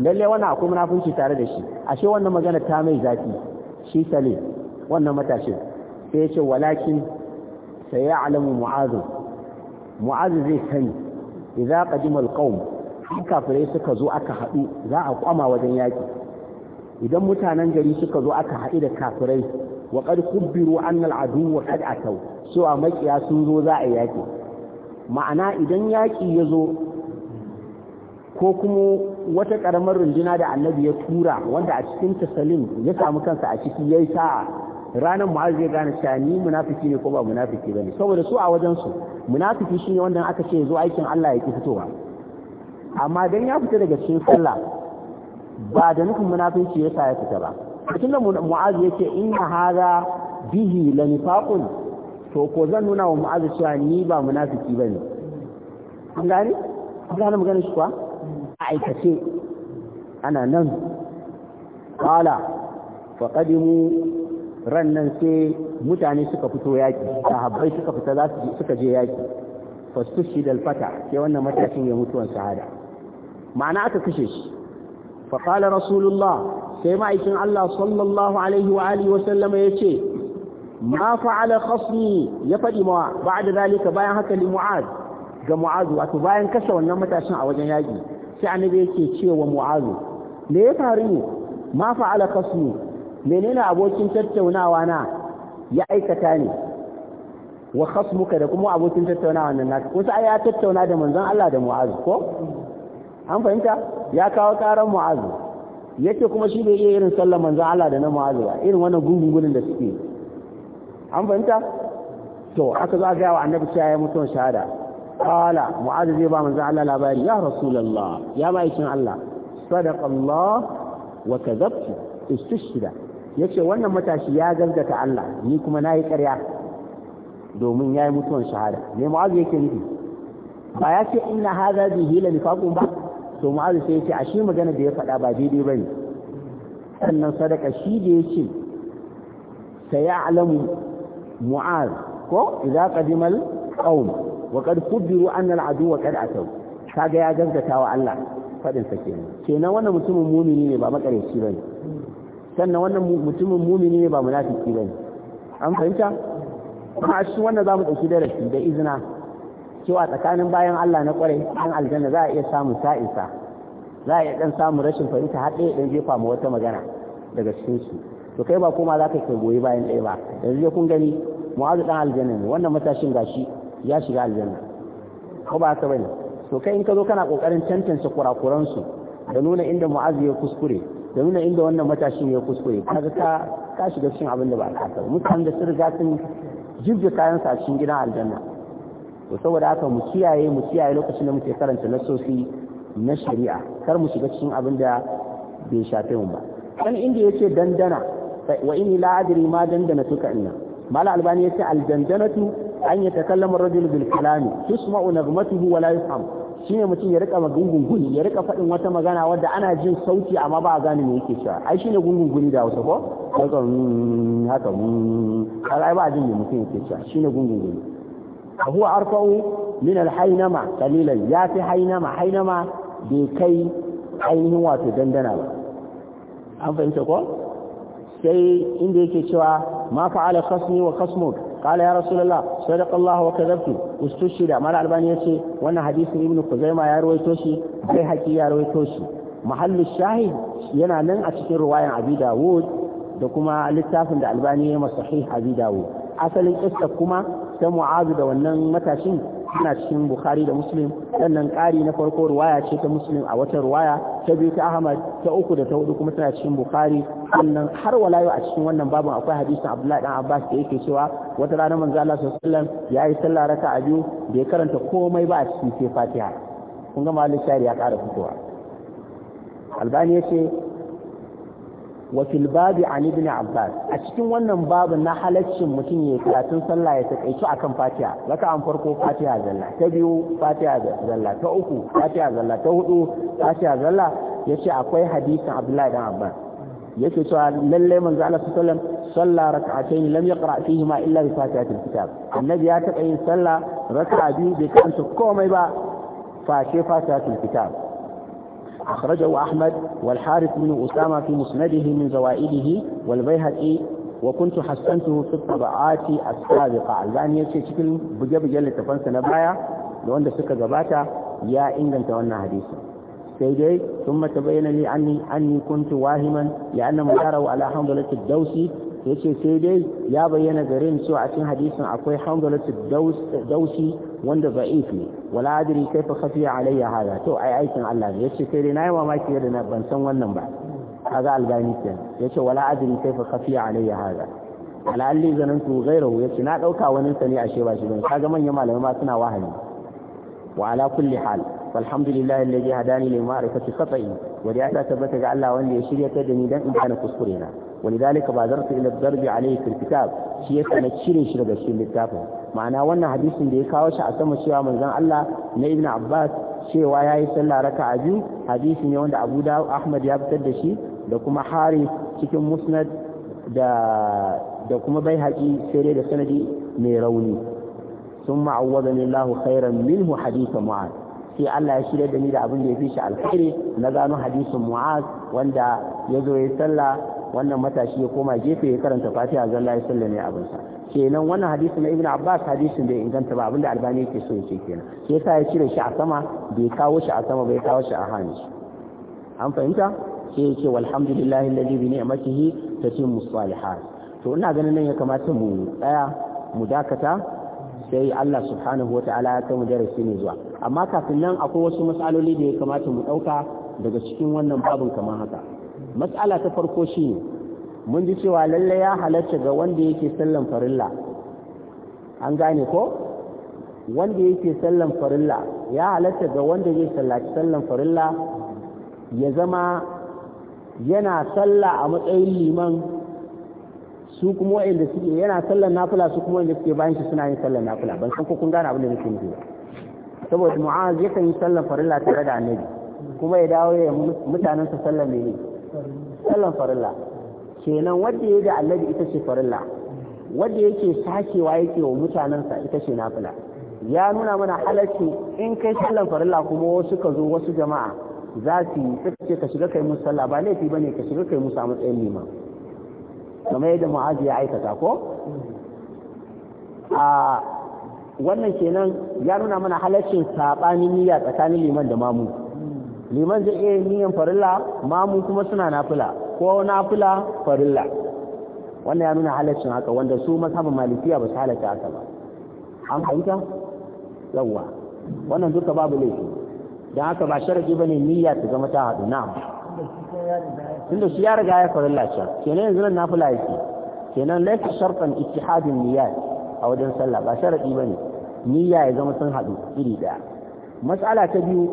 lalle wannan akwai munafunci tare da shi ashe wannan magana ta mai zafi shi salim wannan matashin sai ya ce walakin sayalamu mu'azu. mu'azu zai sani idza qadima alqawm in kafirai suka zo aka haɗu za a kwama wajen yaƙi idan mutanen gari suka zo aka haɗu da kafirai wa qad kubbiru an al'adu wa qad ataw so a makiya sun zo za a yaki ma'ana idan yaƙi ya zo ko kuma wata ƙaramar runduna da annabi ya tura wanda a cikin tasalim ya samu kansa a ciki ya yi sa'a ranar mu'az zai gane cewa ni munafiki ne ko ba munafiki bane saboda su a wajen su munafiki shine wanda aka ce zo aikin Allah ya ki fitowa amma dan ya fita daga cikin sallah ba da nufin munafiki yasa ya fita ba cikin da mu'az yace inna hada bihi lanifaqun to ko zan nuna wa mu'az cewa ni ba munafiki bane an gane an gane magana shi kuwa aikace ana nan qala faqadimu ran nan sai mutane suka fito yaki sahabbai suka fita za su suka je yaki fastushi dal fata sai wannan matashin ya mutuwan sahada ma'ana aka kashe shi fa qala rasulullah sai ma'aikin Allah sallallahu alaihi wa alihi wa sallama yace ma fa'ala khasmi ya fadi ma ba'da zalika bayan haka li mu'az ga mu'az wato bayan kashe wannan matashin a wajen yaki sai annabi yake cewa mu'az me ya faru ma fa'ala khasmi menene abokin tattaunawa na ya aikata ne wa khasmuka da kuma abokin tattaunawa nan naka kun sai ya tattauna da manzon Allah da Mu'az ko an fahimta ya kawo karan Mu'az yace kuma shi bai iya irin sallar manzon Allah da na Mu'az ba irin wannan gungungunin da suke an fahimta to aka za ga wa annabi cewa ya mutu shahada qala Mu'az zai ba manzon Allah labari ya rasulullah ya ma'aikin Allah sadaqa Allah wa kadhabtu istishhada ya ce wannan matashi ya gazgata Allah ni kuma na yi ƙarya domin ya yi mutuwan shahada ne mu'azu yake nufi ba ya ce ina haza bi hila nifaqun ba to mu'azu sai ya ce shi magana da ya faɗa ba daidai ba ne sannan sadaka shi da ya ce alamu mu'az ko idza qadimal qaum wa qad quddiru anna al-adu wa qad ataw kaga ya gazgata wa Allah fadin sa kenan kenan wannan mutumin mumini ne ba makareci bane sannan wannan mutumin mumini ne ba munafiki bane an fahimta kuma a cikin wannan zamu dauki darasi da izina cewa tsakanin bayan Allah na kwarai an aljanna za a iya samun sa'isa za a iya dan samun rashin fahimta har dai dan jefa ma wata magana daga cikin su to kai ba koma za ka goyi bayan ɗaya ba yanzu ya kun gani mu'azu dan aljanna ne wannan matashin gashi ya shiga aljanna ko ba haka bane to kai in ka zo kana kokarin tantance su da nuna inda mu'azu ya kuskure domin inda wannan matashin ya kuskure kaga ka ka shiga cikin abin da ba ka ta mutanen da sun riga sun jibge kayan sa cikin gidan aljanna to saboda haka mu kiyaye mu kiyaye lokacin da muke karanta nasosi na shari'a kar mu shiga cikin abin da bai shafe mu ba kan inda yace dandana wa inni la adri ma dandana tuka inna mala albani yace aljandanatu an yatakallama ar-rajulu bil kalami tusma'u naghmatuhu wa la yufhamu shine mutum ya rika magungunguni ya rika faɗin wata magana wadda ana jin sauti amma ba a gane me yake cewa ai shine gungunguni da wasu, ko haka hmm, haka hmm, ai ba a jin me mutum yake cewa shine gungunguni huwa arfa'u min al-hainama qalilan ya fi hainama hainama bai kai ainihin wato dandana ba an fahimta ko sai inda yake cewa ma fa'ala khasmi wa khasmuka قال يا رسول الله صدق الله وكذبت استشهد مال الباني يسي وانا حديث ابن خزيمة يا رويتوشي في حكي يا رويتوشي محل الشاهد ينا نن أتكين رواية أبي داود دكما للتافن دا الباني يما صحيح أبي داود أصل القصة كما سمو عابد ونن متاشين suna cikin bukhari da muslim sannan ƙari na farko ruwaya ce ta muslim a wata ruwaya ta biyu ta ahmad ta uku da ta hudu kuma tana cikin bukhari sannan har walayo a cikin wannan babu akwai hadisin abdullahi dan abbas da yake cewa wata rana manzo Allah sallallahu alaihi wasallam ya yi sallah a biyu bai karanta komai ba a cikin sai fatiha kun ga malik shari ya ƙara fitowa albani yace wa fil babi an ibn abbas a cikin wannan babu na halaccin mutum ya karatun sallah ya takaitu akan fatiha raka an farko fatiha zalla ta biyu fatiha zalla ta uku fatiha zalla ta hudu fatiha zalla yace akwai hadisin abdullahi dan abbas yake cewa lalle manzo Allah sallallahu alaihi wasallam salla rak'atayn lam yaqra ma illa bi fatihatil kitab annabi ya taɓa yin sallah raka biyu bai kanta komai ba fashe fatihatil kitab أخرجه أحمد والحارث بن أسامة في مسنده من زوائده والبيهقي وكنت حسنته في الطبعات السابقة الآن يشي شكل بجبجة لتفنس نبايا لو أن سكة زباتا يا إن أنت وأنا حديثا سيدي ثم تبين لي أني, أني كنت واهما لأن مداره على حمضلة الدوسي yace sai dai ya bayyana garin cewa a cikin hadisin akwai hamdalatu dausi wanda za'if ne wala adri kaifa khafiya alayya hada to ai aikin Allah ne yace sai dai nayi mamaki yadda na ban san wannan ba kaga albani kenan yace wala adri kaifa khafiya alayya hada ala alli zanantu ghayrahu yace na dauka wani sa ne ashe ba shi bane kaga manyan malamai ma suna wahali wa ala kulli hal walhamdulillah alladhi hadani li ma'rifati khata'i wa da ta tabbata ga Allah wanda ya shirya ta da ni dan in kana kuskure na ولذلك بادرت الى الضرب عليه في الكتاب shi yasa na cire shi daga cikin littafin ma'ana wannan hadisin da ya kawo shi a sama cewa manzon Allah na Ibn Abbas cewa yayi sallah raka'a biyu hadisi ne wanda Abu Ahmad ya fitar da shi da kuma Haris cikin Musnad da kuma Baihaqi sai da sanadi mai rauni thumma awwadani Allahu khairan minhu hadith Mu'adh sai Allah ya shirya da ni da abin da ya fi shi alkhairi na gano hadisin Mu'adh wanda ya zo ya sallah wannan matashi ya koma gefe ya karanta fatiha zalla ya sallame sa kenan wannan hadisi na ibnu abbas hadisin bai inganta ba abinda albani yake so yake kenan sai yasa ya cire shi a sama bai kawo shi a sama bai kawo shi a hannu an fahimta sai yake walhamdulillahi alladhi bi ni'matihi tatimmu salihat to ina ganin nan ya kamata mu tsaya mu dakata sai Allah subhanahu wata'ala ya kai mu darasi ne zuwa amma kafin nan akwai wasu matsaloli da ya kamata mu ɗauka daga cikin wannan babin kamar haka mas'ala ta farko shine mun ji cewa lalle ya halarta ga wanda yake sallan farilla an gane ko wanda yake sallan farilla ya halarta ga wanda zai sallaci sallan farilla ya zama yana salla a matsayin liman su kuma wa'inda suke yana sallan nafila su kuma wa'inda suke bayan shi suna yin sallan nafila ban san ko kun gane abin da nake nufi saboda mu'az yakan yi sallan farilla tare da annabi kuma ya dawo ya sa sallan ne Allah farilla kenan wanda ya da annabi ita ce farilla wanda yake sakewa yake wa mutanensa ita ce nafila ya nuna mana halarci in kai sallan farilla kuma wasu ka zo wasu jama'a za su yi suka ce ka shiga kai musu sallah ba laifi bane ka shiga kai musu a matsayin nima kamar yadda mu'azi ya aikata ko a wannan kenan ya nuna mana halarcin sabanin niyya tsakanin liman da mamu liman zai iya niyan farilla mamu kuma suna nafila ko nafila farilla wannan ya nuna halaccin haka wanda su masaba malikiya ba su halatta haka ba an fahimta yawwa wannan duka babu laifi don haka ba sharadi bane niyya ta zama ta haɗu na'am tunda shi ya riga ya farilla can kenan yanzu nan nafila yake kenan laifin sharfan ittihadin niyya a wajen sallah ba sharadi bane niyya ya zama sun haɗu iri ɗaya mas'ala ta biyu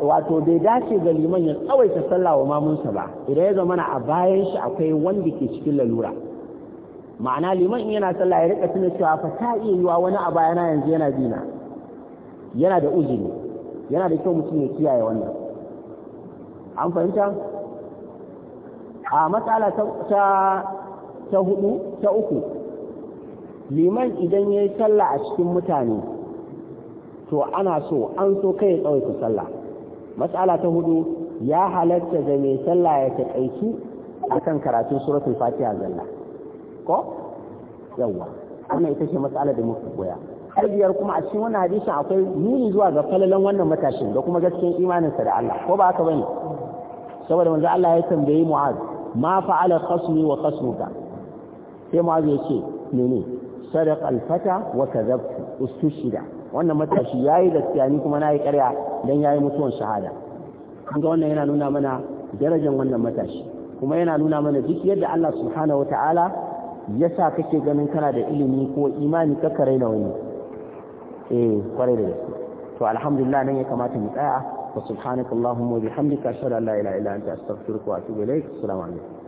wato bai dace ga liman ya tsawaita sallah wa mamunsa ba idan ya zama a bayan shi akwai wanda ke cikin lalura ma'ana liman in yana sallah ya rika tuna cewa fa ta iya yiwa wani a bayana yanzu yana dina yana da uzuri yana da kyau mutum ya kiyaye wannan an fahimta a matsala ta ta hudu ta uku liman idan ya yi sallah a cikin mutane to ana so an so kai ya tsawaita sallah matsala ta hudu ya halatta da mai sallah ya taƙaici kan karatun suratul fatiha zalla ko yawa wannan ita ce matsala da muka koya har kuma a cikin wannan hadisin akwai nuni zuwa ga falalan wannan matashin da kuma gaskiyar imanin sa da Allah ko ba haka bane saboda manzo Allah ya tambayi Mu'az ma fa'ala khasmi wa khasmuka sai Mu'az ya ce mene sadaq al-fata wa kadhabtu ustushida wannan matashi ya yi gaskiya ni kuma na yi karya don ya yi mutuwan shahada kuma wannan yana nuna mana darajar wannan matashi kuma yana nuna mana duk yadda Allah subhanahu wa ta'ala ya sa kake ganin kana da ilimi ko imani ka kare na wani eh kwarai da gaske to alhamdulillah nan ya kamata mu tsaya wa subhanakallahumma wa bihamdika ashhadu an la ilaha illa anta astaghfiruka wa atubu ilaik assalamu alaikum